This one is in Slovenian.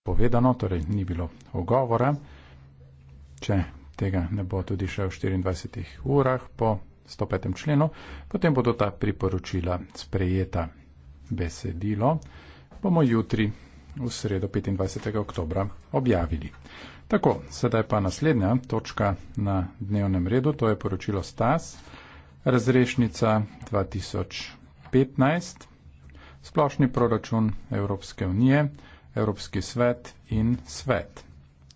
povedano, torej ni bilo ogovora, če tega ne bo tudi še v 24 urah po 105. členu, potem bodo ta priporočila sprejeta besedilo, bomo jutri v sredo 25. oktobra objavili. Tako, sedaj pa naslednja točka na dnevnem redu, to je poročilo Stas, razrešnica 2015, splošni proračun Evropske unije, Evropski svet in svet.